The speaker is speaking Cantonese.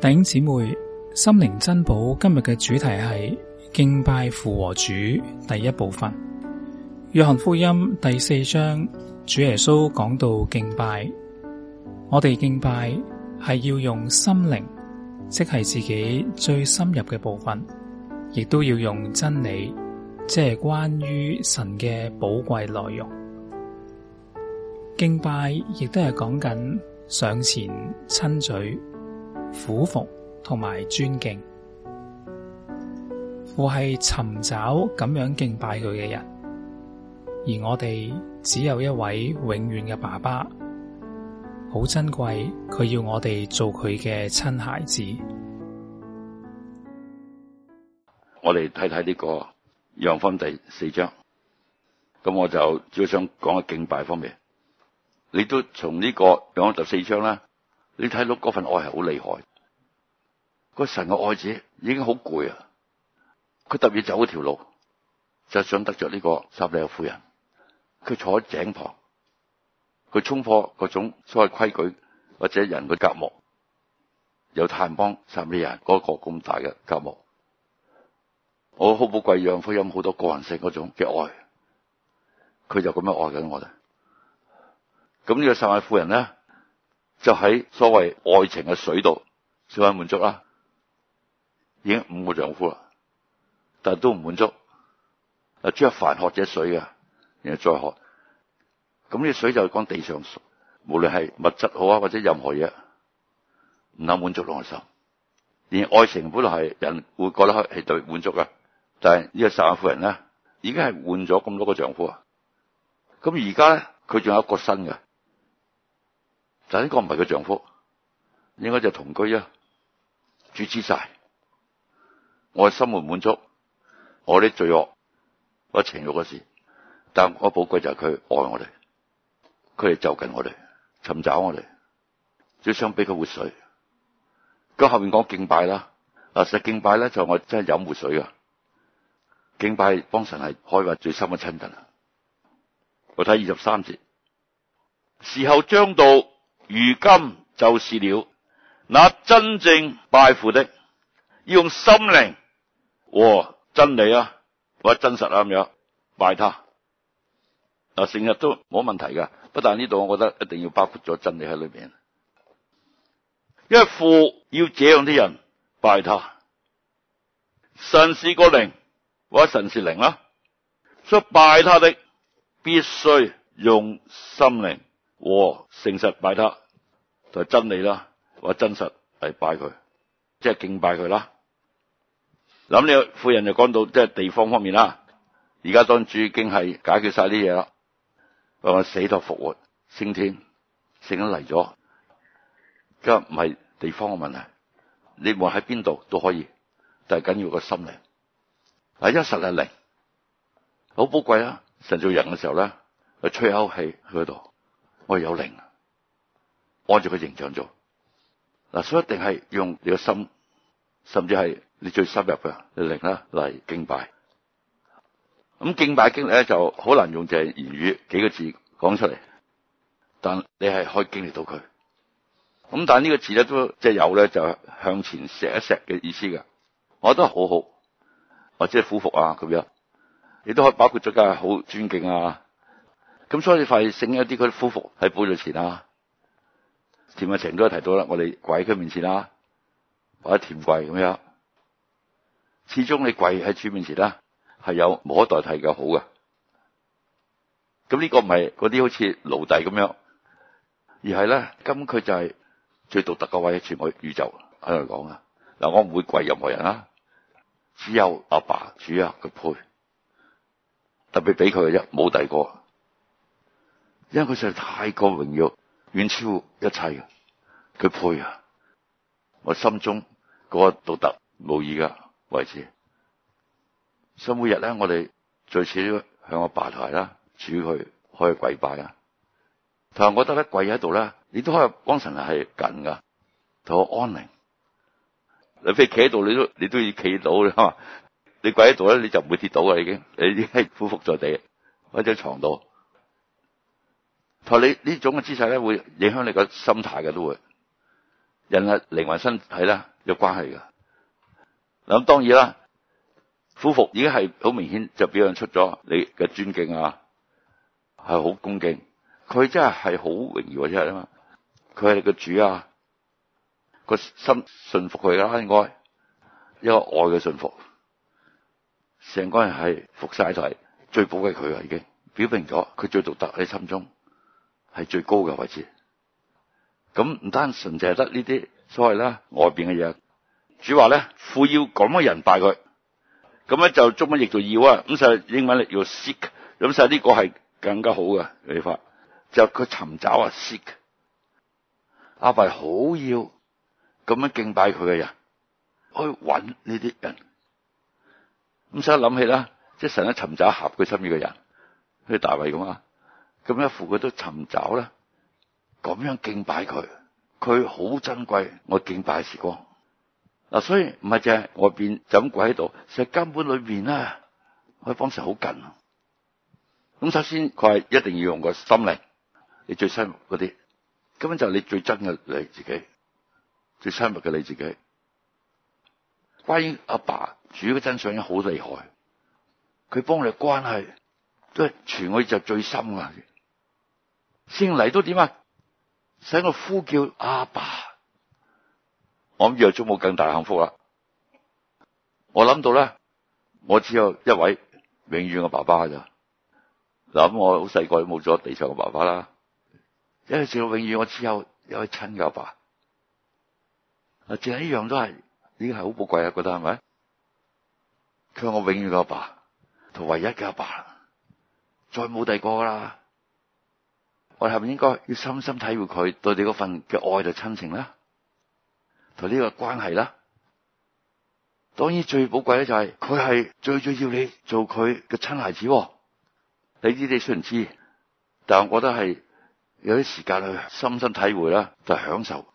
弟兄姊妹心靈珍寶，今日嘅主題係敬拜父和主第一部分。約翰福音第四章，主耶穌講到敬拜，我哋敬拜係要用心靈，即係自己最深入嘅部分，亦都要用真理，即係關於神嘅寶貴內容。敬拜亦都係講緊上前親嘴。俯伏同埋尊敬，父係尋找咁樣敬拜佢嘅人，而我哋只有一位永遠嘅爸爸，好珍貴。佢要我哋做佢嘅親孩子。我哋睇睇呢個約翰第四章，咁我就主想講嘅敬拜方面，你都從呢個約翰第四章啦。你睇到嗰份愛係好厲害，那個神嘅愛子已經好攰啊！佢特別走咗條路，就想得着呢個撒瑪利亞婦人。佢坐喺井旁，佢衝破嗰種所謂規矩或者人嘅隔膜，猶太邦撒瑪利亞人嗰個咁大嘅隔膜。我好寶貴，養夫有好多個人性嗰種嘅愛，佢就咁樣愛緊我哋。咁呢個撒瑪利亞婦人咧？就喺所謂愛情嘅水度先肯滿足啦，已經五個丈夫啦，但係都唔滿足。阿朱一凡喝這水嘅，然後再喝，咁呢水就講地上水，無論係物質好啊，或者任何嘢，唔肯滿足內心。而愛情本來係人會覺得係特別滿足嘅，但係呢個十萬夫人咧，已經係換咗咁多個丈夫啊，咁而家咧，佢仲有一個新嘅。就呢個唔係佢丈夫，應該就同居啊，主持晒，我嘅心滿滿足，我啲罪惡，我情慾嘅事，但我寶貴就係佢愛我哋，佢哋就近我哋，尋找我哋，最想俾佢活水。咁後面講敬拜啦，嗱，實敬拜咧就我真係飲活水啊！敬拜幫神係開發最深嘅親近啊！我睇二十三節，時候將到，如今就是了，那真正拜父的，要用心靈和真理啊，或者真實啊咁樣拜他。嗱、啊，成日都冇問題噶，不但呢度，我覺得一定要包括咗真理喺裏邊，因為父要這樣啲人拜他，神是個靈或者神是靈啦、啊，所以拜他的必須用心靈。和誠實拜得，就係真理啦，或者真實嚟拜佢，即係敬拜佢啦。咁你婦人就講到，即係地方方面啦。而家當主已經係解決晒啲嘢啦，話死托復活升天，成咗嚟咗。咁唔係地方嘅問題，你無論喺邊度都可以，但係緊要個心靈。嗱，一實係靈，好寶貴啊！神造人嘅時候咧，吹氣去吹口氣去嗰度。我有靈，按住佢形象做嗱、啊，所以一定係用你個心，甚至係你最深入嘅靈啦嚟敬拜。咁、啊、敬拜經歷咧就好難用就係言語幾個字講出嚟，但你係可以經歷到佢。咁、啊、但呢個字咧都即係有咧就向前錫一錫嘅意思噶，我覺得好好，或者係俯伏啊咁樣，亦都可以包括咗嘅好尊敬啊。咁所以你快醒一啲佢服服喺背咗前啦、啊。田阿晴都提到啦，我哋跪喺佢面前啦、啊，或者田跪咁樣。始終你跪喺主面前啦、啊，係有無可代替嘅好嘅。咁呢個唔係嗰啲好似奴隸咁樣，而係咧，咁佢就係最獨特嘅位，全個宇宙喺度講啊。嗱，我唔會跪任何人啦、啊，只有阿爸，爸主啊佢配，特別俾佢嘅啫，冇第二個。因佢實在太過榮耀，遠超一切嘅，佢配啊！我心中嗰個獨特無二嘅位置。所以每日咧，我哋再次向我爸台啦，主佢可以去跪拜啊。但係我覺得咧，跪喺度咧，你都可以光神係近噶，同我安寧。你非企喺度，你都你都要企到。你你跪喺度咧，你就唔會跌倒嘅已經。你已依家俯伏在地，或者床度。同你種呢種嘅姿勢咧，會影響你個心態嘅，都會人啊靈魂身體啦有關係噶。咁當然啦，服服已經係好明顯，就表現出咗你嘅尊敬啊，係好恭敬。佢真係係好榮耀，真係啊嘛。佢係個主啊，個心順服佢噶應該，一個愛嘅信服，成個人係服晒就係最寶貴佢啊，已經表明咗佢最獨特喺心中。係最高嘅位置，咁唔單純淨係得呢啲所謂啦外邊嘅嘢。主話咧，父要咁嘅人拜佢，咁咧就中文譯做要啊，咁就英文嚟要 seek 咁實呢個係更加好嘅譯法，就佢、是、尋找啊 seek 阿伯，好要咁樣敬拜佢嘅人，去揾呢啲人，咁使諗起啦，即係成日尋找合佢心意嘅人，好似大衛咁啊。咁一副佢都尋找啦，咁樣敬拜佢，佢好珍貴，我敬拜時光嗱、啊，所以唔係淨係外邊就咁跪喺度，其實根本裏邊咧，可方式上好緊。咁首先佢係一定要用個心靈，你最親密嗰啲，根本就係你最真嘅你自己，最親密嘅你自己。關於阿爸主嘅真相已經好厲害，佢幫你關係都係全我哋就最深啊！先嚟到點啊！使我呼叫阿爸，我諗約咗冇更大幸福啦。我諗到咧，我只有一位永遠嘅爸爸噶咋嗱，我好細個冇咗地上嘅爸爸啦。因為直到永遠，我只有有一位親嘅阿爸。啊，淨係一樣都係，已經係好寶貴啊！覺得係咪？佢係我永遠嘅阿爸，同唯一嘅阿爸、爸，再冇第二個啦。我係咪應該要深深體會佢對你嗰份嘅愛就親情啦，同呢個關係啦？當然最寶貴咧就係佢係最最要你做佢嘅親孩子。哦，你知你雖然知，但係我覺得係有啲時間去深深體會啦，就係、享受。